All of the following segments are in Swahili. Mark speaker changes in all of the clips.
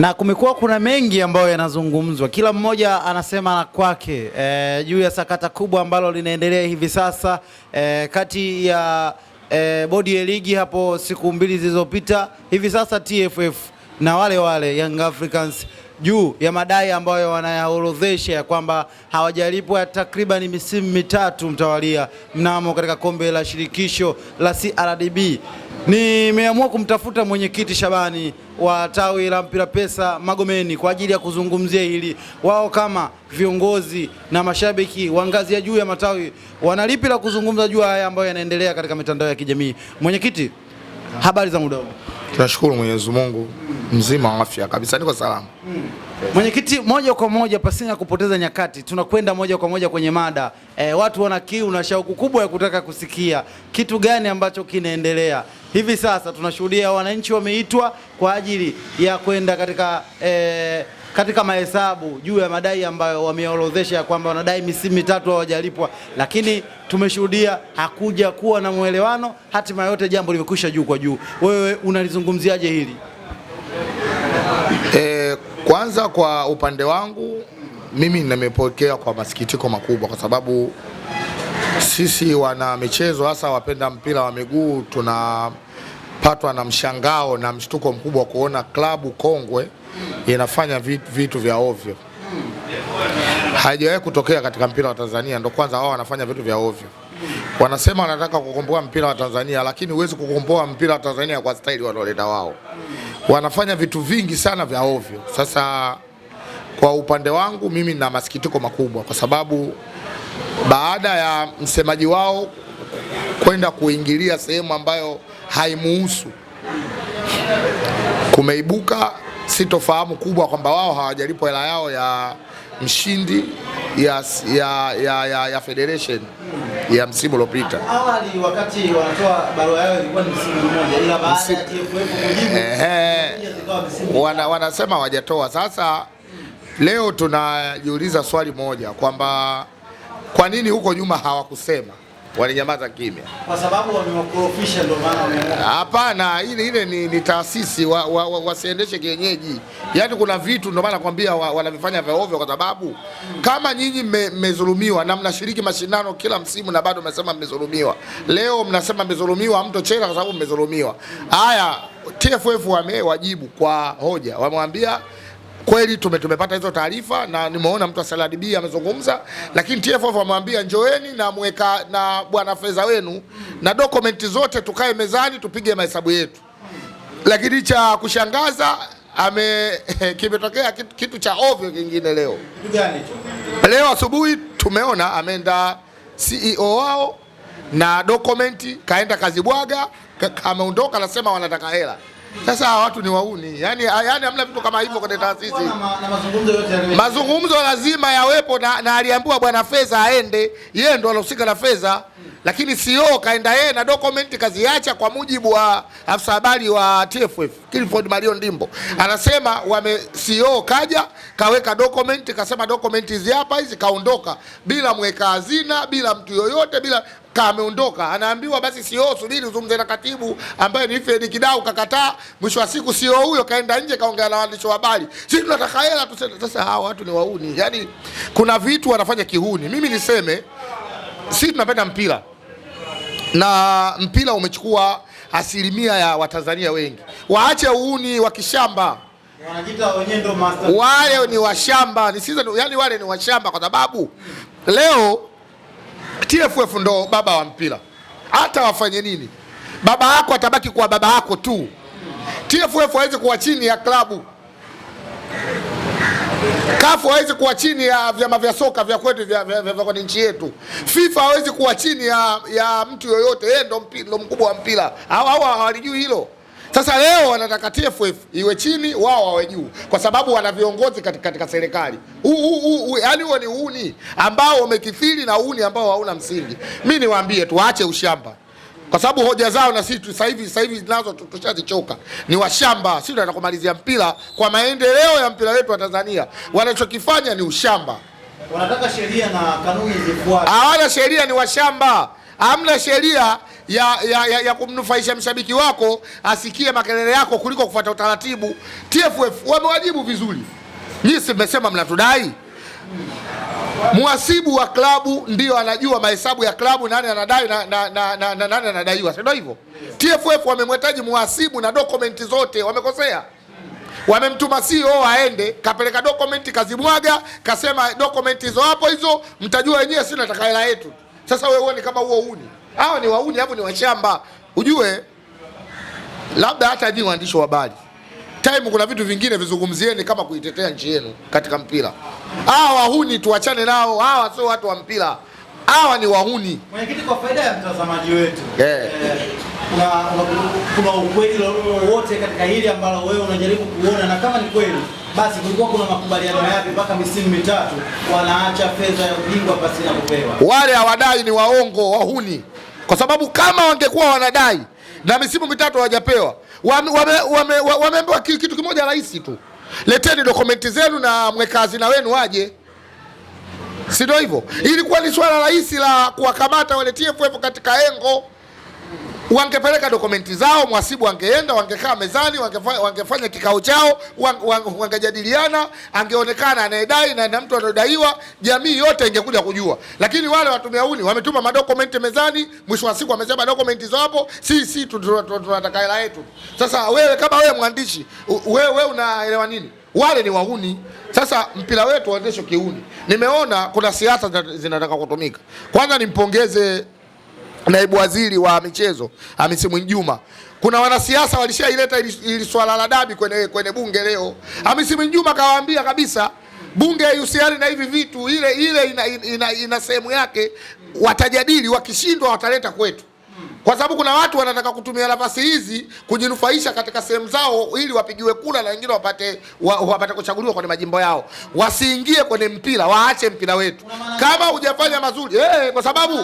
Speaker 1: Na kumekuwa kuna mengi ambayo yanazungumzwa, kila mmoja anasema na kwake e, juu ya sakata kubwa ambalo linaendelea hivi sasa e, kati ya e, bodi ya ligi hapo siku mbili zilizopita, hivi sasa TFF na wale wale Young Africans juu ya madai ambayo wanayaorodhesha ya kwamba hawajalipwa takriban misimu mitatu mtawalia mnamo katika kombe la shirikisho la CRDB. Nimeamua kumtafuta mwenyekiti Shabani wa tawi la mpira pesa Magomeni kwa ajili ya kuzungumzia hili. Wao kama viongozi na mashabiki wa ngazi ya juu ya matawi wanalipi la kuzungumza juu haya ambayo yanaendelea katika mitandao ya kijamii. Mwenyekiti, habari za muda huu?
Speaker 2: Tunashukuru Mwenyezi Mungu mzima wa afya kabisa, niko salama.
Speaker 1: Mwenyekiti, moja kwa moja pasina ya kupoteza nyakati, tunakwenda moja kwa moja kwenye mada e, watu wana kiu na shauku kubwa ya kutaka kusikia kitu gani ambacho kinaendelea hivi sasa. Tunashuhudia wananchi wameitwa kwa ajili ya kwenda katika e, katika mahesabu juu ya madai ambayo wameorodhesha kwamba wanadai misimu mitatu hawajalipwa, lakini tumeshuhudia hakuja kuwa na mwelewano. Hatima yote jambo limekwisha juu kwa juu. Wewe unalizungumziaje hili?
Speaker 2: E, kwanza kwa upande wangu mimi nimepokea kwa masikitiko makubwa, kwa sababu sisi wana michezo hasa wapenda mpira wa miguu tunapatwa na mshangao na mshtuko mkubwa kuona klabu kongwe inafanya vitu, vitu vya ovyo. Haijawahi kutokea katika mpira wa Tanzania, ndo kwanza wao wanafanya vitu vya ovyo. Wanasema wanataka kukomboa mpira wa Tanzania, lakini huwezi kukomboa mpira wa Tanzania kwa staili wanaoleta wao. Wanafanya vitu vingi sana vya ovyo. Sasa kwa upande wangu mimi na masikitiko makubwa, kwa sababu baada ya msemaji wao kwenda kuingilia sehemu ambayo haimuhusu kumeibuka sitofahamu kubwa kwamba wao hawajalipo hela yao ya mshindi ya, ya, ya, ya, ya federation ya msimu uliopita.
Speaker 1: Awali wakati wanatoa barua yao ilikuwa ni msimu mmoja, ila baada ya TFF
Speaker 2: kujibu eh, wana, wanasema hawajatoa. Sasa leo tunajiuliza swali moja kwamba kwa nini huko nyuma hawakusema? walinyamaza kimya
Speaker 1: kwa sababu wamewakorofisha, ndio maana
Speaker 2: Hapana, ile ile ni, ni taasisi wasiendeshe wa, wa, kienyeji. Yaani kuna vitu ndio maana nakwambia wanavifanya vya ovyo, kwa sababu kama nyinyi mmezulumiwa na mnashiriki mashindano kila msimu na bado mnasema mmezulumiwa. Leo mnasema mmezulumiwa, mto chela kwa sababu mmezulumiwa. Haya, TFF wamewajibu kwa hoja, wamewambia kweli tume, tumepata hizo taarifa na nimeona mtu wa Salad B amezungumza, lakini TFF amwambia njoeni na mweka na bwana fedha wenu na dokumenti zote, tukae mezani tupige mahesabu yetu. Lakini cha kushangaza ame kimetokea kitu, kitu cha ovyo kingine leo. Leo asubuhi tumeona ameenda CEO wao na dokumenti kaenda kazibwaga, kameondoka anasema wanataka hela sasa watu ni wauni, yaani yaani hamna vitu kama hivyo kwenye taasisi. Mazungumzo lazima yawepo na, na aliambiwa bwana Feza aende, yeye ndo alohusika na Feza, lakini CEO kaenda yeye na document kaziacha, kwa mujibu wa afisa habari wa TFF Clifford Mario Ndimbo anasema wame CEO kaja kaweka document, kasema document hizi hapa hizi, kaondoka bila mweka hazina, bila mtu yoyote, bila kama ameondoka, anaambiwa basi CEO subiri uzungumze na katibu ambaye ni Fred Kidau, kakataa. Mwisho wa siku CEO huyo kaenda nje, kaongea na waandishi wa habari, sisi tunataka hela tu. Sasa hawa watu ni wauni, yani kuna vitu wanafanya kihuni. Mimi niseme sisi tunapenda mpira na mpira umechukua asilimia ya Watanzania wengi, waache uuni wa kishamba. Wale ni washamba, yani wale ni washamba kwa sababu leo TFF ndo baba wa mpira, hata wafanye nini, baba yako atabaki kuwa baba yako tu. TFF hawezi kuwa chini ya klabu, kafu hawezi kuwa chini ya vyama vya soka vya kwetu vya, vya, vya, vya kwenye nchi yetu. FIFA hawezi kuwa chini ya, ya mtu yoyote. Yeye ndo mkubwa wa mpira, hawalijui hilo. Sasa leo wanataka TFF iwe chini, wao wawe juu, kwa sababu wana viongozi katika, katika serikali. Yaani huo ni uni ambao umekithiri na uni ambao hauna msingi. Mi niwaambie tu waache ushamba kwa sababu hoja zao na sisi sasa hivi sasa hivi nazo tushazichoka, ni washamba. Sisi tunataka kumalizia mpira kwa maendeleo ya mpira wetu wa Tanzania, wanachokifanya ni ushamba. Wanataka sheria na kanuni zifuate. hawana sheria, ni washamba, hamna sheria ya, ya, ya, ya kumnufaisha mshabiki wako asikie makelele yako kuliko kufuata utaratibu. TFF wamewajibu vizuri. Nyinyi mmesema mnatudai. Muhasibu wa klabu ndio anajua mahesabu ya klabu, nani anadai na, na, na, na, na nani anadaiwa, sio hivyo? hivyo? TFF wamemhitaji muhasibu na dokumenti zote, wamekosea wamemtuma CEO aende kapeleka dokumenti kazimwaga, kasema dokumenti hizo hapo hizo, mtajua wenyewe, si nataka hela yetu. Sasa wewe uone kama huo uni hawa ni wauni, hapo ni washamba. Ujue labda hata hivi waandishi wa habari time, kuna vitu vingine vizungumzieni kama kuitetea nchi yenu katika mpira. Hawa wahuni tuwachane nao, hawa sio watu wa mpira, hawa ni wahuni.
Speaker 1: Mwenyekiti, kwa faida ya mtazamaji wetu
Speaker 2: yeah. eh, eh kuna,
Speaker 1: kuna ukweli wowote katika hili ambalo wewe unajaribu kuona na kama ni kweli basi kulikuwa kuna makubaliano yapi mpaka misimu mitatu wanaacha fedha ya ubingwa pasi na kupewa?
Speaker 2: Wale hawadai ni waongo, wahuni, kwa sababu kama wangekuwa wanadai na misimu mitatu hawajapewa, wameambiwa wame, wame, wame kitu kimoja rahisi tu, leteni dokumenti zenu na mweka hazina wenu waje si ndio hivyo? Ilikuwa ni swala rahisi la kuwakamata wale TFF katika engo Wangepeleka dokumenti zao, mwasibu wangeenda, wangekaa mezani, wangefanya, wangefanya kikao chao, wangejadiliana, angeonekana anayedai na na mtu anayodaiwa, jamii yote ingekuja kujua. Lakini wale watu miauni wametuma madokumenti mezani, mwisho wa siku wamesema dokumenti zao hapo, si si tunataka hela yetu. Sasa wewe kama wewe mwandishi, wewe wewe unaelewa nini? Wale ni wahuni. Sasa mpira wetu uendeshwe kiuni. Nimeona kuna siasa zinataka kutumika. Kwanza nimpongeze naibu waziri wa michezo Hamisi Mwinjuma. Kuna wanasiasa walishaileta ili swala la dabi kwenye, kwenye bunge leo. Hamisi Mwinjuma kawaambia kabisa bunge ya na hivi vitu ile ile ina, ina, ina, ina sehemu yake, watajadili, wakishindwa wataleta kwetu kwa sababu kuna watu wanataka kutumia nafasi hizi kujinufaisha katika sehemu zao ili wapigiwe kura na wengine wapate, wa, wapate kuchaguliwa kwenye majimbo yao. Wasiingie kwenye mpira, waache mpira wetu kama hujafanya mazuri eh, kwa sababu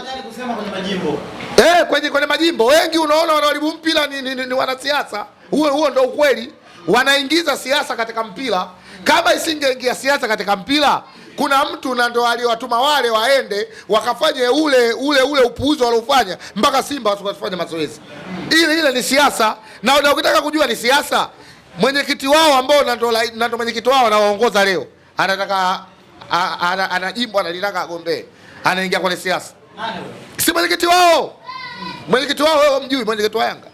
Speaker 2: eh, kwenye, kwenye majimbo wengi unaona wanaoharibu mpira ni, ni, ni, ni wanasiasa. Huo huo ndio ukweli, wanaingiza siasa katika mpira. Kama isingeingia siasa katika mpira kuna mtu na ndo aliwatuma wale waende wakafanye ule ule ule upuuzi waliofanya mpaka Simba wasikufanya mazoezi. Ile ile ni siasa, na ukitaka kujua ni siasa, mwenyekiti wao ambao na ndo mwenyekiti wao anawaongoza leo, anataka ana jimbo analitaka agombee, anaingia kwenye siasa, si mwenyekiti wao. Mwenyekiti wao wewe mjui? Mwenyekiti wa Yanga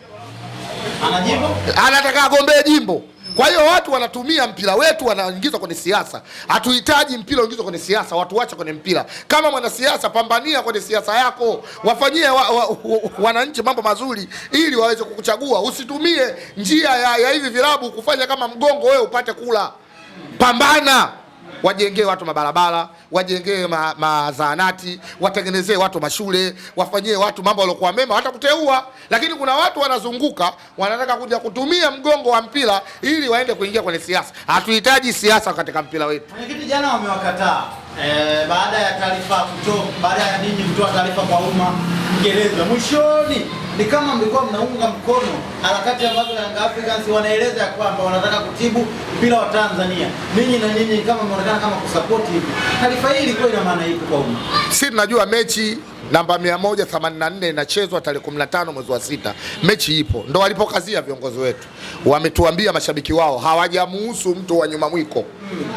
Speaker 2: anataka agombee jimbo kwa hiyo watu wanatumia mpira wetu wanaingizwa kwenye siasa. Hatuhitaji mpira uingizwe kwenye siasa, watu wacha kwenye mpira. Kama mwanasiasa, pambania kwenye siasa yako, wafanyie wa, wa, wa, wananchi mambo mazuri ili waweze kukuchagua. Usitumie njia ya, ya hivi vilabu kufanya kama mgongo wewe upate kula. Pambana wajengee watu mabarabara, wajengee ma, watengenezee watu mashule, wafanyie watu mambo yaliokuwa mema, hata kuteua. Lakini kuna watu wanazunguka wanataka kuja kutumia mgongo wa mpira ili waende kuingia kwenye siasa. Hatuhitaji siasa katika mpira wetu.
Speaker 1: Mwenyekiti, jana wamewakataa E, baada ya taarifa kutoka, baada ya ninyi kutoa taarifa kwa umma kieleza mwishoni, ni kama mlikuwa mnaunga mkono harakati ambazo ya Young Africans wanaeleza ya kwamba wanataka kutibu mpira wa Tanzania. Ninyi na ninyi kama mnaonekana kama kusupport hivi, taarifa hii ilikuwa ina maana ipi kwa umma?
Speaker 2: Si tunajua mechi namba 184 inachezwa tarehe 15 mwezi wa sita. Mechi ipo, ndo walipokazia viongozi wetu, wametuambia mashabiki wao hawajamuhusu mtu wa nyuma mwiko,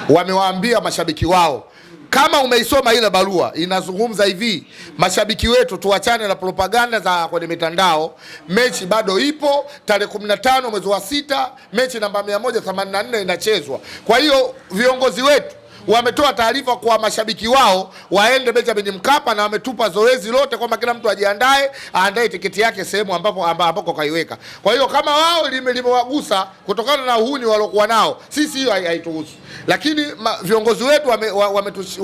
Speaker 2: hmm. wamewaambia mashabiki wao kama umeisoma ile barua, inazungumza hivi: mashabiki wetu, tuachane na propaganda za kwenye mitandao. Mechi bado ipo, tarehe 15 mwezi wa sita, mechi namba 184 inachezwa. Kwa hiyo viongozi wetu wametoa taarifa kwa mashabiki wao waende Benjamin Mkapa, na wametupa zoezi lote kwamba kila mtu ajiandae, aandae tiketi yake sehemu ambapo ambapo kaiweka. Kwa hiyo kama wao limewagusa kutokana na uhuni waliokuwa nao, sisi hiyo haituhusu, lakini ma, viongozi wetu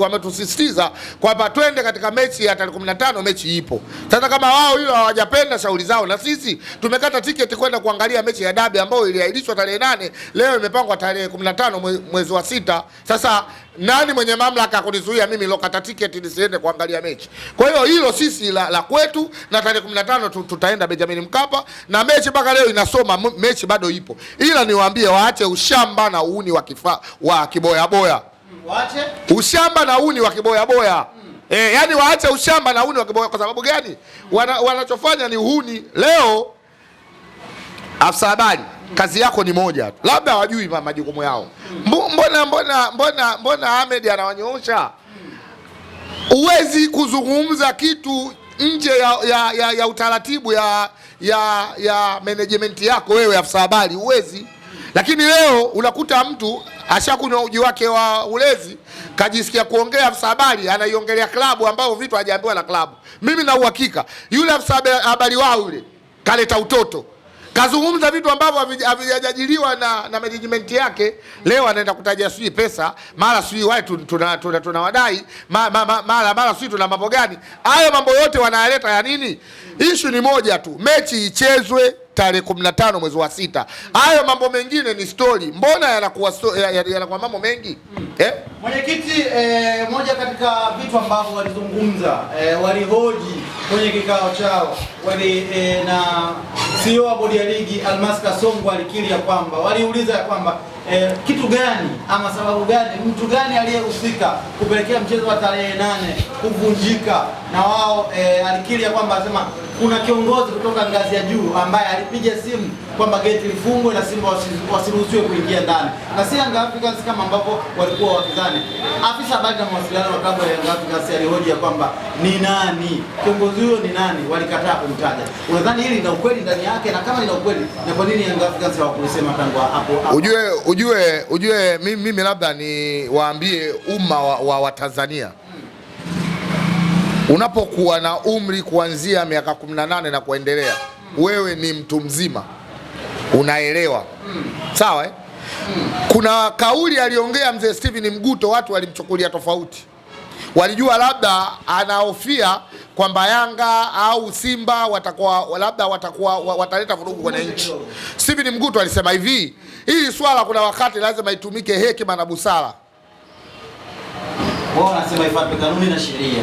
Speaker 2: wametusisitiza wame wame kwamba twende katika mechi ya tarehe 15, mechi ipo sasa. Kama wao hilo hawajapenda, shauri zao, na sisi tumekata tiketi kwenda kuangalia mechi ya dabi ambayo iliahirishwa tarehe nane, leo imepangwa tarehe 15 mwezi wa sita sasa nani mwenye mamlaka ya kunizuia mimi lokata tiketi nisiende kuangalia mechi? Kwa hiyo hilo sisi la, la kwetu, na tarehe 15 tutaenda Benjamin Mkapa, na mechi mpaka leo inasoma, mechi bado ipo, ila niwaambie waache ushamba na uuni wa kifa, wa kiboya boya, hmm. eh, waache ushamba na uuni wa kiboya boya. Eh, yani waache ushamba na uhuni wa kiboya. Kwa sababu gani? Hmm. Wana, wanachofanya ni uhuni. Leo afisa habari kazi yako ni moja tu, labda hawajui majukumu yao. Mbona mbona mbona mbona Ahmed anawanyoosha? Huwezi kuzungumza kitu nje ya, ya, ya, ya utaratibu ya, ya, ya management yako wewe, afisa habari, huwezi. Lakini leo unakuta mtu ashakunywa uji wake wa ulezi, kajisikia kuongea afisa habari, anaiongelea klabu ambao vitu hajaambiwa na klabu. Mimi na uhakika yule afisa habari wao yule kaleta utoto kazungumza vitu ambavyo havijajadiliwa na, na management yake. Leo anaenda kutaja sijui pesa mara sijui wai tunawadai tuna, tuna, tuna ma, ma, ma, mara mara sijui tuna mambo gani. Hayo mambo yote wanayaleta ya nini? Ishu ni moja tu, mechi ichezwe tarehe 15 mwezi wa sita. Hayo mambo mengine ni story, mbona yanakuwa yanakuwa mambo mengi hmm.
Speaker 1: eh? Mwenyekiti eh, moja katika vitu ambavyo walizungumza eh, walihoji kwenye kikao chao wali eh, na CEO wa bodi ya ligi Almas Kasongo alikiri ya kwamba waliuliza ya kwamba eh, kitu gani ama sababu gani, mtu gani aliyehusika kupelekea mchezo wa tarehe nane kuvunjika, na wao eh, alikiri ya kwamba asema kuna kiongozi kutoka ngazi ya juu ambaye alipiga simu kwamba geti lifungwe na Simba wasiruhusiwe kuingia ndani, na si Young Africans kama ambavyo walikuwa wakizani. Afisa habari na mawasiliano wa klabu ya Young Africans alihoji ya kwamba ni nani kiongozi huyo, ni nani, walikataa kumtaja. Unadhani hili lina ukweli ndani yake? Na kama lina ukweli, na kwa nini Young Africans hawakusema tangu hapo?
Speaker 2: Ujue Ujue, ujue mimi, labda ni waambie umma wa Watanzania wa unapokuwa na umri kuanzia miaka 18 na kuendelea, wewe ni mtu mzima, unaelewa sawa eh? Kuna kauli aliongea mzee Steven Mguto, watu walimchukulia tofauti, walijua labda anahofia kwamba Yanga au Simba watakuwa labda watakuwa wataleta vurugu kwenye nchi. Steven Mguto alisema hivi Hili swala kuna wakati lazima itumike hekima na busara.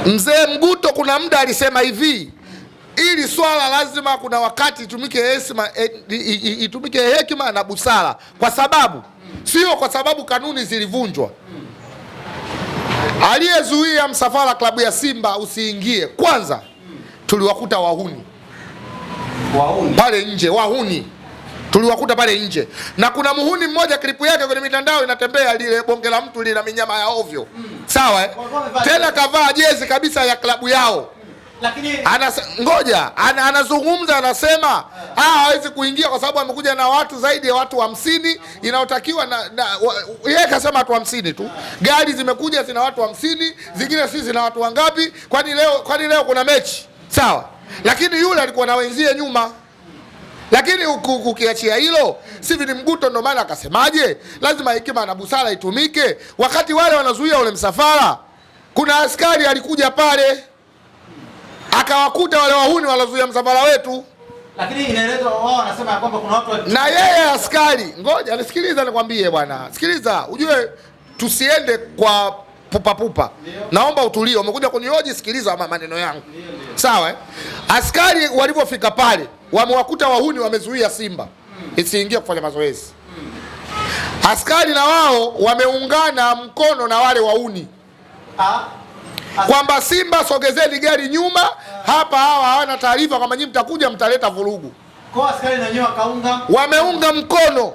Speaker 2: Mzee Mguto kuna muda alisema hivi, hili swala lazima kuna wakati itumike hekima, e, itumike hekima na busara, kwa sababu sio kwa sababu kanuni zilivunjwa. Aliyezuia msafara klabu ya Simba usiingie, kwanza tuliwakuta wahuni, wahuni pale nje, wahuni tuliwakuta pale nje, na kuna muhuni mmoja klipu yake kwenye mitandao inatembea, lile bonge la mtu lina minyama ya ovyo mm. Sawa eh? Tena kavaa jezi kabisa ya klabu yao Lakini Anas, ngoja ana, anazungumza anasema yeah. Eh. hawezi kuingia kwa sababu amekuja na watu zaidi ya watu hamsini yeah. Inayotakiwa na, na yeye kasema watu hamsini tu yeah. Gari zimekuja zina watu hamsini yeah. Zingine si zina watu wangapi? Kwani leo, kwani leo kuna mechi sawa Lakini yule alikuwa na wenzie nyuma lakini ukiachia hilo, sivi ni mguto. Ndo maana akasemaje, lazima hekima na busara itumike. Wakati wale wanazuia ule msafara, kuna askari alikuja pale akawakuta wale wahuni wanazuia msafara wetu,
Speaker 1: lakini inaelezwa wao wanasema kwamba kuna watu
Speaker 2: na yeye askari. Ngoja nisikilize, nikwambie bwana, sikiliza, ujue tusiende kwa pupapupa pupa. Naomba utulie, umekuja kunioji, sikiliza maneno yangu Sawa eh? Askari walivyofika pale wamewakuta wahuni wamezuia Simba isiingie kufanya mazoezi. Askari na wao wameungana mkono na wale wahuni kwamba Simba sogezeni gari nyuma, hapa hawa hawana taarifa kwamba nyinyi mtakuja mtaleta vurugu.
Speaker 1: Kwa askari na wenyewe wakaunga,
Speaker 2: wameunga mkono eh.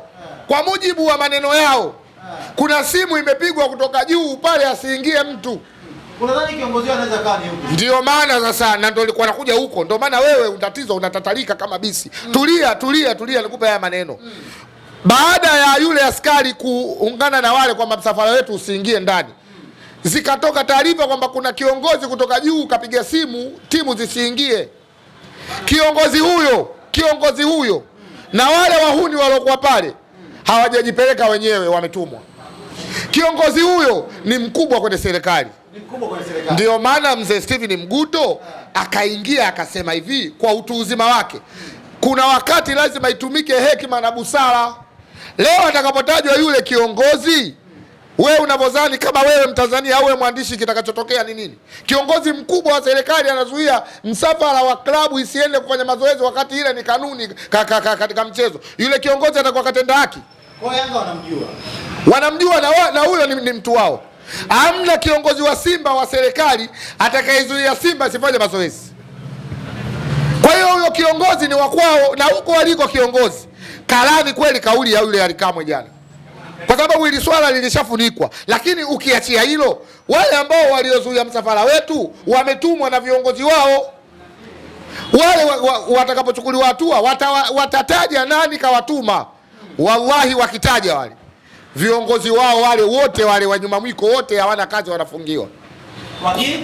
Speaker 2: kwa mujibu wa maneno yao. Eh. Kuna simu imepigwa kutoka juu pale, asiingie mtu.
Speaker 1: Unadhani kiongozi anaweza kaa ni huko?
Speaker 2: Ndio maana sasa na ndio alikuwa anakuja huko. Ndio maana wewe unatatizo unatatalika kama bisi. Mm. Tulia, tulia, tulia nikupe haya maneno. Mm. Baada ya yule askari kuungana na wale kwamba msafara wetu usiingie ndani. Mm. Zikatoka taarifa kwamba kuna kiongozi kutoka juu kapiga simu timu zisiingie. Kiongozi huyo, kiongozi huyo mm. na wale wahuni waliokuwa pale mm. hawajajipeleka wenyewe, wametumwa. Kiongozi huyo ni mkubwa kwenye serikali ndio maana mzee Steven Mguto akaingia akasema hivi kwa utu uzima wake, kuna wakati lazima itumike hekima na busara. Leo atakapotajwa yule kiongozi, wewe unavyozani kama wewe Mtanzania au mwandishi, kitakachotokea ni nini? Kiongozi mkubwa wa serikali anazuia msafara wa klabu isiende kufanya mazoezi, wakati ile ni kanuni katika mchezo. Yule kiongozi atakuwa katenda haki? Wanamjua na huyo ni mtu wao. Hamna kiongozi wa Simba wa serikali atakayezuia Simba asifanye mazoezi. Kwa hiyo huyo kiongozi ni wakwao, na huko waliko kiongozi kalani kweli kauli ya yule Alikamwe jana, kwa sababu hili swala lilishafunikwa. Lakini ukiachia hilo, wale ambao waliozuia msafara wetu wametumwa na viongozi wao wale wa, wa, watakapochukuliwa hatua watataja nani kawatuma. Wallahi wakitaja wale viongozi wao wale wote wale nyuma mwiko wote hawana kazi, wanafungiwa.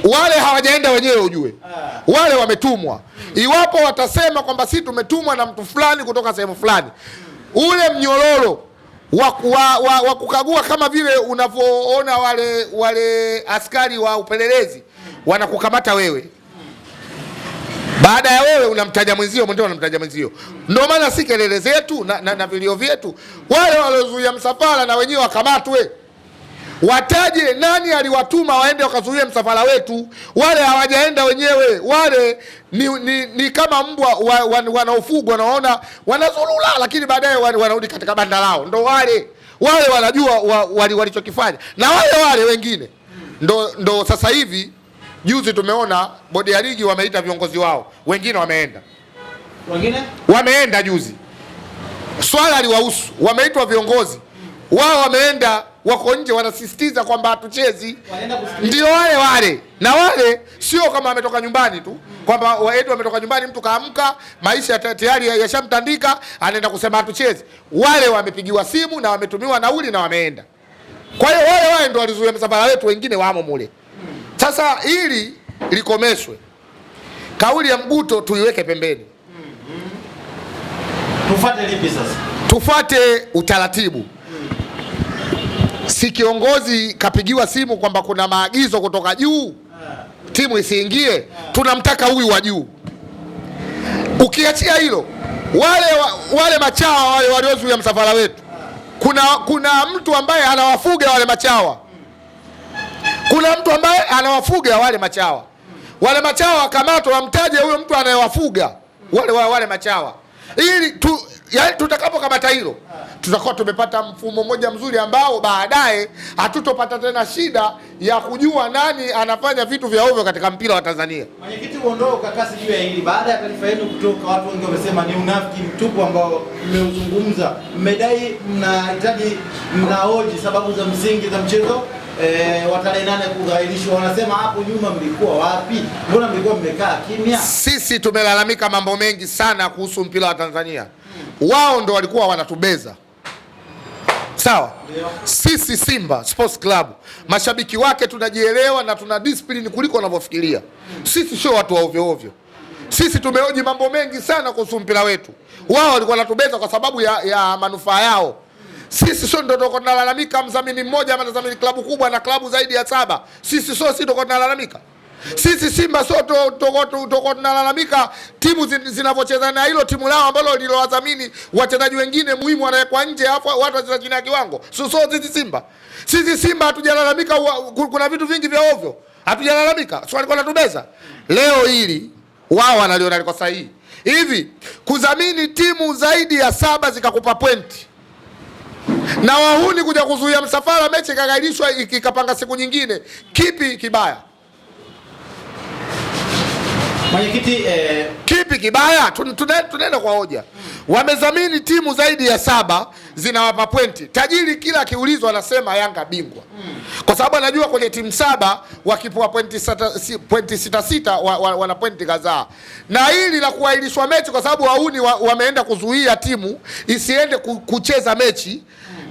Speaker 2: Wale hawajaenda wenyewe, ujue ah. wale wametumwa. Hmm. Iwapo watasema kwamba si tumetumwa na mtu fulani kutoka sehemu fulani, hmm. ule mnyororo wa, wa, wa, wa kukagua kama vile unavyoona wale wale askari wa upelelezi hmm. wanakukamata wewe baada ya wewe unamtaja mwenzio, mwenzio unamtaja mwenzio. Ndio maana si kelele zetu na, na, na vilio vyetu, wale waliozuia msafara na wenyewe wakamatwe, wataje nani aliwatuma waende wakazuia msafara wetu. Wale hawajaenda wenyewe, wale ni, ni, ni kama mbwa wanaofugwa, naona wanazulula lakini baadaye wanarudi katika banda lao. Ndo wale wale wanajua walichokifanya, wali, wali na wale wale wengine ndo, ndo sasa hivi Juzi tumeona bodi ya ligi wameita viongozi wao, wengine wameenda, wengine wameenda juzi. Swala liwahusu, wameitwa viongozi wao, wameenda wako nje, wanasisitiza kwamba hatuchezi. Ndio wale wale, na wale sio kama wametoka nyumbani tu kwamba waetu wametoka nyumbani, mtu kaamka, maisha tayari yashamtandika, anaenda kusema hatuchezi. Wale wamepigiwa simu na wametumiwa nauli na wameenda. Kwa hiyo wale wale ndio walizuia msafara wetu, wengine wamo mule. Sasa hili likomeshwe, kauli ya Mguto tuiweke pembeni.
Speaker 1: Tufate lipi sasa?
Speaker 2: Tufate utaratibu. Si kiongozi kapigiwa simu kwamba kuna maagizo kutoka juu timu isiingie, tunamtaka huyu wa juu. Ukiachia hilo, wale wale machawa wale waliozuia msafara wetu, kuna kuna mtu ambaye anawafuga wale machawa kuna mtu ambaye anawafuga wale machawa, wale machawa wakamatwa, wamtaje huyo mtu anayewafuga wale wale machawa, ili tu, yaani tutakapokamata hilo tutakuwa tumepata mfumo mmoja mzuri ambao baadaye hatutopata tena shida ya kujua nani anafanya vitu vya ovyo katika mpira wa Tanzania.
Speaker 1: Mwenyekiti, uondoe ukakasi juu ya hili. Baada ya taarifa yenu kutoka, watu wengi wamesema ni unafiki mtupu ambao mmeuzungumza, mmedai mnahitaji, mnaoji sababu za msingi za mchezo e, eh, wa tarehe nane kughairishwa, wanasema hapo nyuma mlikuwa wapi? Mbona mlikuwa mmekaa kimya?
Speaker 2: Sisi tumelalamika mambo mengi sana kuhusu mpira wa Tanzania hmm. Wao ndo walikuwa wanatubeza sawa. Sisi Simba Sports Club mashabiki wake tunajielewa na tuna discipline kuliko wanavyofikiria. Sisi sio watu wa ovyo ovyo. Sisi tumeoji mambo mengi sana kuhusu mpira wetu, wao walikuwa wanatubeza kwa sababu ya, ya manufaa yao. Sisi sio ndio tuko tunalalamika mdhamini mmoja ama mdhamini klabu kubwa na klabu zaidi ya saba? Sisi sio sisi tuko tunalalamika? Sisi Simba sio tuko tunalalamika timu zinavyocheza na hilo timu lao ambalo lilowadhamini wachezaji wengine muhimu wanawekwa nje, afu watu wacheza chini ya kiwango? Sio sisi Simba. Sisi Simba hatujalalamika, kuna vitu vingi vya ovyo hatujalalamika, sio alikuwa anatubeza. Leo hili wao wanaliona liko sahihi hivi, kudhamini timu zaidi ya saba zikakupa pointi na wahuni kuja kuzuia msafara, mechi ikaghairishwa ikapanga siku nyingine. Kipi kibaya?
Speaker 1: Mwenyekiti, eh...
Speaker 2: kipi kibaya? Tunaenda kwa hoja. Wamezamini timu zaidi ya saba zinawapa pointi. Tajiri kila akiulizwa anasema Yanga bingwa, kwa sababu anajua kwenye timu saba wakipoa pointi sita, si, pointi sita, sita wa, wa, wana pointi kadhaa, na hili la kuahirishwa mechi kwa sababu wauni wameenda kuzuia timu isiende kucheza mechi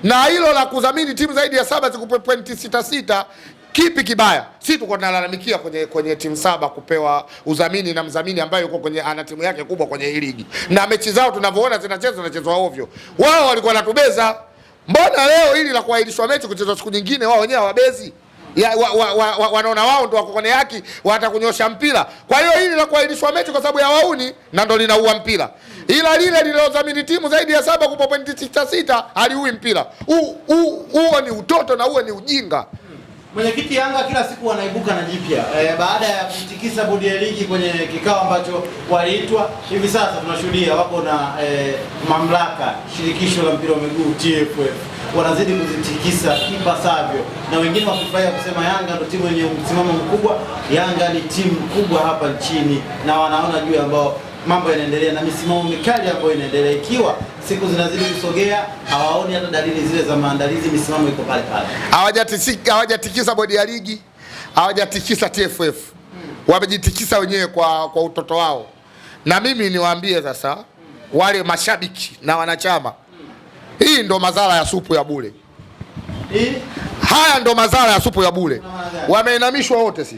Speaker 2: na hilo la kudhamini timu zaidi ya saba zikupe pointi sita sita Kipi kibaya? Si tuko tunalalamikia kwenye kwenye timu saba kupewa udhamini na mdhamini ambaye yuko kwenye ana timu yake kubwa kwenye hii ligi, na mechi zao tunavyoona zinachezwa zinachezwa ovyo. Wao walikuwa wanatubeza, mbona leo hili la kuahirishwa mechi kuchezwa siku nyingine, wao wenyewe hawabezi? wanaona wa, wa, wa, wa wao ndo wako kwenye haki, watakunyosha mpira. Kwa hiyo hili la kuahirishwa mechi kwa sababu ya wauni na ndo linaua mpira, ila lile lililodhamini timu zaidi ya saba kupo pointi sita sita haliui mpira. Huo ni utoto na huo ni ujinga.
Speaker 1: Mwenyekiti Yanga kila siku wanaibuka na jipya e, baada ya kutikisa bodi ya ligi kwenye kikao ambacho waliitwa, hivi sasa tunashuhudia wako na e, mamlaka shirikisho la mpira wa miguu TFF wanazidi kuzitikisa ipasavyo, na wengine wakifurahia kusema Yanga ndio timu yenye msimamo mkubwa, Yanga ni timu kubwa hapa nchini, na wanaona juu ambao mambo yanaendelea na misimamo mikali ambayo inaendelea ikiwa siku zinazidi kusogea, hawaoni hata dalili zile za maandalizi, misimamo iko pale pale,
Speaker 2: hawajatikisa hawajatikisa bodi ya ligi, hawajatikisa TFF hmm. Wamejitikisa wenyewe kwa, kwa utoto wao, na mimi niwaambie sasa hmm. Wale mashabiki na wanachama hmm. Hii ndo madhara ya supu ya bure hii? Haya ndo madhara ya supu ya bure, wameinamishwa wote si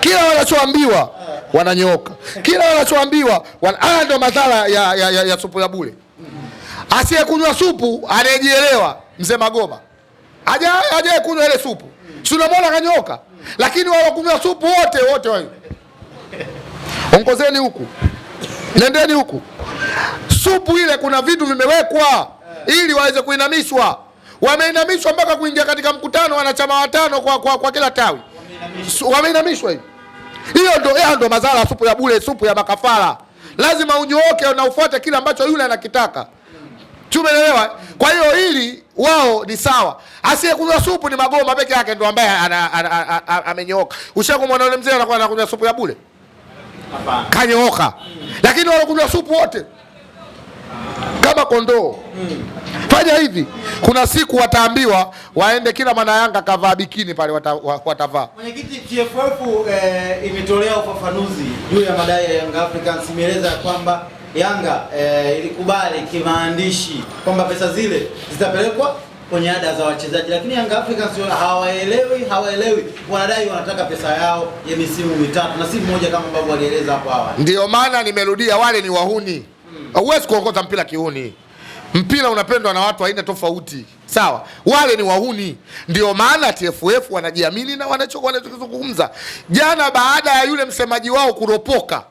Speaker 2: kila wanachoambiwa wananyooka, kila wanachoambiwa wana... haya ndo madhara ya, ya, ya, ya supu ya bure. Asiyekunywa supu anayejielewa, mzee Magoma hajaye kunywa ile supu, si unamwona kanyoka. Lakini wawakunywa supu wote wote wao, ongozeni huku, nendeni huku. Supu ile kuna vitu vimewekwa ili waweze kuinamishwa, wameinamishwa mpaka kuingia katika mkutano, wanachama watano kwa, kwa, kwa kila tawi wameinamishwa hivi. Hiyo ndo hiyo ndo madhara supu ya bure, supu ya makafara. Lazima unyooke na ufuate kile ambacho yule anakitaka. Tumeelewa? Kwa hiyo hili wao ni sawa. Asiyekunywa supu ni magoma peke yake ndo ambaye amenyooka. Ushakumwona yule mzee anakuwa anakunywa supu ya bure? Hapana. Kanyooka. Lakini wale kunywa supu wote kama kondoo. Hmm. Fanya hivi, kuna siku wataambiwa waende kila mwana Yanga kavaa bikini pale watavaa. Wata
Speaker 1: Mwenyekiti, TFF eh, imetolea ufafanuzi juu ya madai ya Young Africans, imeeleza kwamba Yanga e, ilikubali kimaandishi kwamba pesa zile zitapelekwa kwenye ada za wachezaji, lakini Young Africans hawaelewi, hawaelewi, wanadai wanataka pesa yao ya misimu mitatu na si mmoja, kama ambavyo walieleza hapo awali.
Speaker 2: Ndio maana nimerudia, wale ni wahuni. Hmm. Huwezi hmm, kuongoza mpira kihuni. Mpira unapendwa na watu aina tofauti, sawa? Wale ni wahuni, ndio maana TFF wanajiamini na wanachokizungumza jana, baada ya yule msemaji wao kuropoka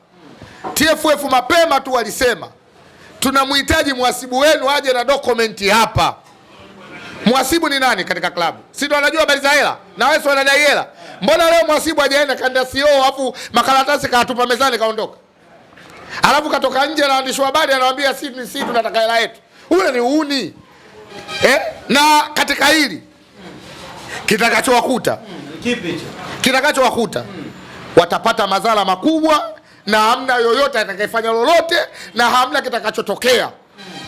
Speaker 2: TFF mapema tu walisema tunamhitaji mwasibu wenu aje na dokumenti hapa. Mwasibu ni nani katika klabu? Si ndo anajua habari za hela na wewe unadai hela. Mbona leo mwasibu hajaenda kaenda CEO, afu makaratasi kaatupa mezani kaondoka, alafu katoka nje na waandishi wa habari anawaambia si si tunataka hela yetu. Ule ni uuni eh? Na katika hili kitakachowakuta Kipi hicho? kitakachowakuta watapata madhara makubwa na hamna yoyote atakayefanya lolote na hamna kitakachotokea.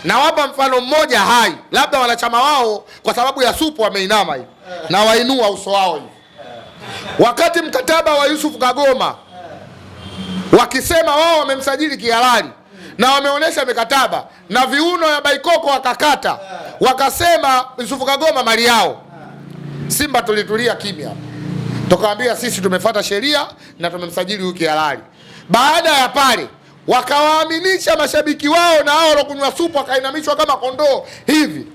Speaker 2: Nawapa mfano mmoja hai, labda wanachama wao kwa sababu ya supu wameinama hivi na wainua uso wao hivi, wakati mkataba wa Yusuf Kagoma wakisema wao wamemsajili kihalali na wameonyesha mikataba na viuno ya Baikoko wakakata, wakasema Yusuf Kagoma mali yao. Simba tulitulia kimya, tukawaambia sisi tumefuata sheria na tumemsajili huyu kihalali. Baada ya pale wakawaaminisha mashabiki wao na hao walokunywa supu wakainamishwa kama kondoo hivi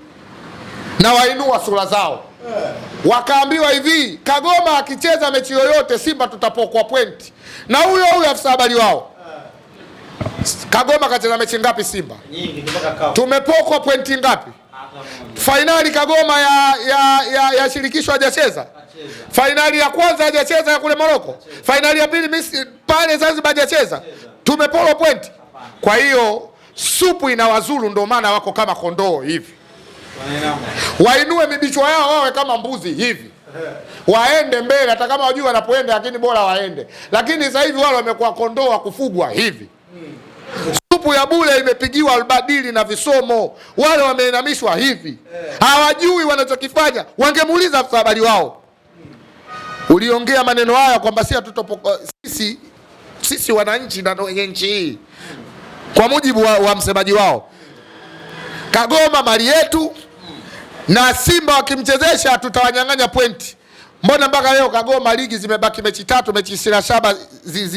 Speaker 2: na wainua sura zao, wakaambiwa hivi, Kagoma akicheza mechi yoyote Simba tutapokwa pwenti na huyo huyo afisa habari wao. Kagoma kacheza mechi ngapi Simba? Tumepokwa pointi ngapi? Fainali Kagoma ya, ya, ya, ya shirikisho hajacheza. Fainali ya kwanza hajacheza ya kule Moroko. Fainali ya pili Misri pale Zanzibar hajacheza. Tumepolo point. Kwa hiyo supu inawazuru, ndio maana wako kama kondoo hivi, wainue mibichwa yao wawe kama mbuzi hivi, waende mbele, hata kama wajua wanapoenda, lakini bora waende. Lakini sasa hivi wale wamekuwa kondoo wa kufugwa hivi. Tupu ya bure imepigiwa albadili na visomo, wale wameinamishwa hivi, hawajui wanachokifanya. Wangemuuliza afisa habari wao, uliongea maneno haya kwamba si hatutopo eh, sisi, sisi wananchi na wenye nchi hii, kwa mujibu wa, wa msemaji wao, Kagoma mali yetu, na Simba wakimchezesha tutawanyang'anya pointi. Mbona mpaka leo Kagoma ligi zimebaki mechi tatu, mechi ishirini na saba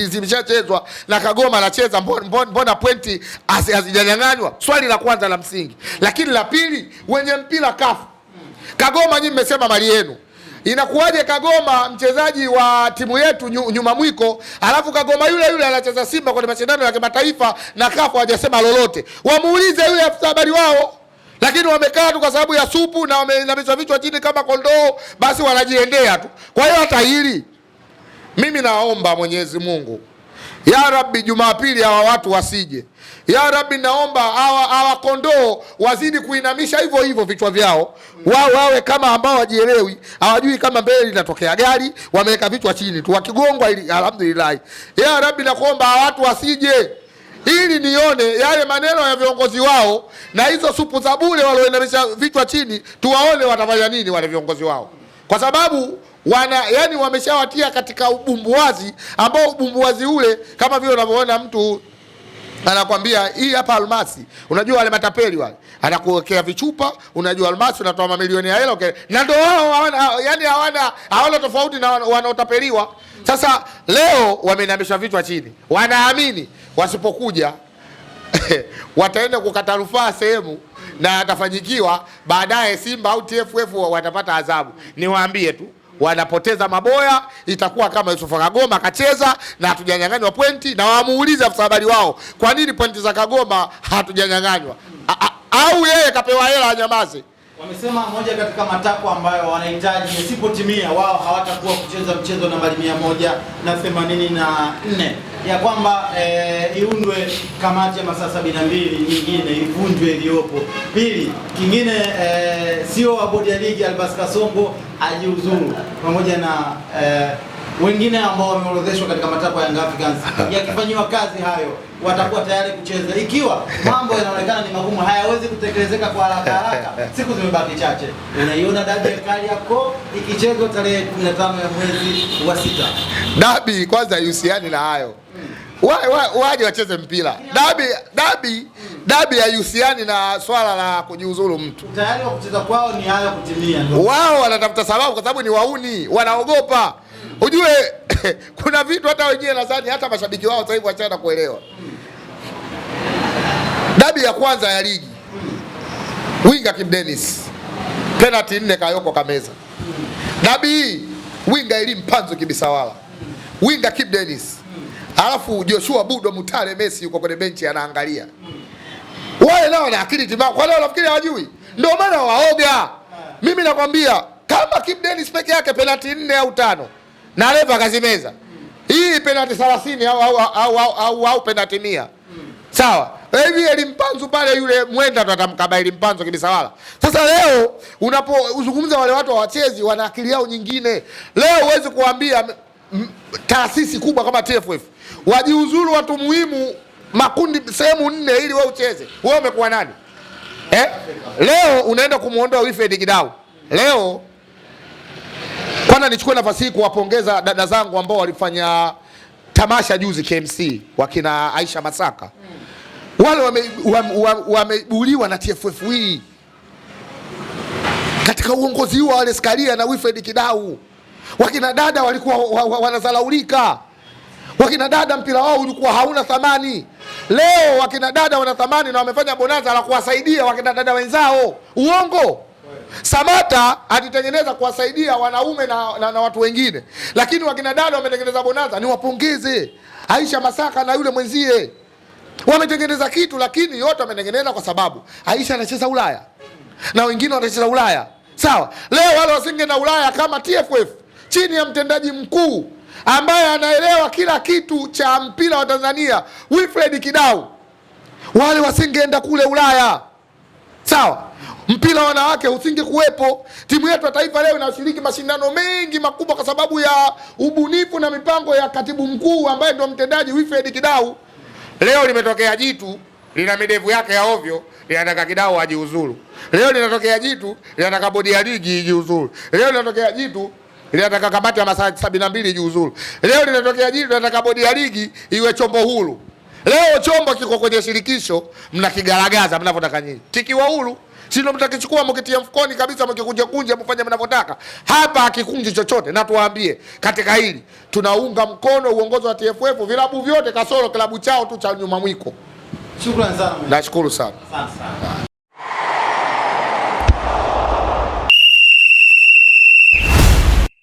Speaker 2: zimeshachezwa na Kagoma anacheza, mbona pointi hazijanyang'anywa? Swali la kwanza la msingi, lakini la pili, wenye mpira kafu Kagoma, nyinyi mmesema mali yenu Inakuwaje Kagoma mchezaji wa timu yetu nyuma mwiko, alafu Kagoma yule yule anacheza Simba kwenye mashindano ya kimataifa na kafu hajasema lolote? Wamuulize yule afisa habari wao lakini wamekaa tu kwa sababu ya supu na wameinamisha vichwa chini kama kondoo, basi wanajiendea tu. Kwa hiyo hata hili mimi naomba Mwenyezi Mungu, ya Rabbi, Jumapili hawa watu wasije. Ya Rabbi, naomba hawa hawa kondoo wazidi kuinamisha hivyo hivyo vichwa vyao, wao wawe kama ambao wajielewi, hawajui kama mbele linatokea gari, wameweka vichwa chini tu, wakigongwa ili alhamdulillah. Ya Rabbi, nakuomba hawa watu wasije ili nione yale maneno ya viongozi wao na hizo supu za bure walioinamisha vichwa chini, tuwaone watafanya nini wale viongozi wao, kwa sababu wana yani wameshawatia katika ubumbuwazi ambao ubumbuwazi ule kama vile unavyoona mtu anakwambia hii hapa almasi. Unajua wale matapeli wale, anakuwekea vichupa, unajua almasi, unatoa mamilioni ya hela okay. Na ndo wao yani hawana hawana tofauti na wanaotapeliwa. Sasa leo wamenamisha vichwa chini, wanaamini wasipokuja wataenda kukata rufaa sehemu na atafanyikiwa baadaye. Simba au TFF watapata adhabu. Niwaambie tu wanapoteza maboya, itakuwa kama Yusufu Kagoma akacheza na hatujanyang'anywa pointi, na wamuulize afisa habari wao, kwa nini pointi za Kagoma hatujanyang'anywa? Au yeye kapewa hela anyamaze.
Speaker 1: Wamesema moja katika matakwa ambayo wanahitaji isipotimia, wao hawatakuwa kucheza mchezo nambari mia moja na themanini na nne ya kwamba e, iundwe kamati ya masaa sabini na mbili nyingine ivunjwe iliyopo. Pili, kingine eh, e, sio wa bodi ya ligi Albas Kasongo ajiuzuru pamoja na e, wengine ambao wameorodheshwa katika matakwa ya Young Africans. Yakifanyiwa kazi hayo, watakuwa tayari kucheza. Ikiwa mambo yanaonekana ni magumu, hayawezi kutekelezeka kwa haraka haraka, siku zimebaki chache. Unaiona dabi ya Kariakoo ikichezwa tarehe 15 ya mwezi wa sita.
Speaker 2: Dabi kwanza ihusiani na hayo waje wa, wa, wacheze mpira dabi dabi dabi haihusiani na swala la kujiuzuru mtu.
Speaker 1: Tayari kucheza kwao ni haya kutimia,
Speaker 2: wao wanatafuta sababu, kwa sababu ni wauni, wanaogopa ujue. kuna vitu hata wenyewe nadhani hata mashabiki wao sasa hivi wachana kuelewa. Dabi ya kwanza ya ligi, winga Kim Dennis penalty nne kayoko kameza. Dabi hii winga Elim Kibisawala, winga Kim Dennis Alafu Joshua Budo Mutale Messi yuko kwenye benchi anaangalia. Wale nao na akili timamu, kwa leo nafikiri hawajui? Ndio maana waoga. Mimi nakwambia kama Kibu Denis peke yake penalti nne au tano na refa kazimeza Hii penalti 30 au au au au, au au, penalti 100. Sawa. Hivi elimpanzu pale yule mwenda ndo elimpanzu mpanzo kibisawala. Sasa leo unapozungumza wale watu wa wachezi wana akili yao nyingine. Leo huwezi kuambia taasisi kubwa kama TFF wajiuzuru watu muhimu makundi sehemu nne ili wewe ucheze. Wewe umekuwa nani eh? Leo unaenda kumuondoa Wilfred Kidau leo. Kwanza nichukue nafasi hii kuwapongeza dada zangu ambao walifanya tamasha juzi KMC, wakina Aisha Masaka wale wameibuliwa wame na hii katika uongozi huo, wale Skaria na Wilfred Kidau, wakina dada walikuwa wanazalaulika wa, wa, Wakina dada mpira wao ulikuwa hauna thamani. Leo wakina dada wana thamani na wamefanya bonanza la kuwasaidia wakina dada wenzao. Uongo. Samata alitengeneza kuwasaidia wanaume na, na, na watu wengine, lakini wakina dada wametengeneza bonanza. Ni wapongeze Aisha Masaka na yule mwenzie, wametengeneza kitu, lakini yote wametengeneza kwa sababu Aisha anacheza Ulaya na wengine wanacheza Ulaya. Sawa, leo wale wasinge na Ulaya kama TFF chini ya mtendaji mkuu ambaye anaelewa kila kitu cha mpira wa Tanzania, Wilfred Kidau, wale wasingeenda kule Ulaya. Sawa, mpira wa wanawake kuwepo. Timu yetu ya taifa leo inashiriki mashindano mengi makubwa kwa sababu ya ubunifu na mipango ya katibu mkuu ambaye ndio mtendaji Wilfred Kidau. Leo limetokea jitu lina midevu yake ya ovyo, linataka Kidau ajiuzuru. Leo linatokea jitu linataka bodi ya ligi ijiuzuru. Leo linatokea jitu linataka kamati ya masaa sabini na mbili Leo linatokea jili, tunataka bodi ya ligi iwe chombo huru. Leo chombo kiko kwenye shirikisho, mnakigaragaza mnavyotaka nyinyi. Kikiwa huru, si mtakichukua mkitia mfukoni kabisa, mkikunja kunja, mfanye mnavyotaka. Hapa akikunji chochote, na tuwaambie katika hili tunaunga mkono uongozi wa TFF, vilabu vyote kasoro klabu chao tu cha nyuma mwiko. Shukrani sana, nashukuru sana.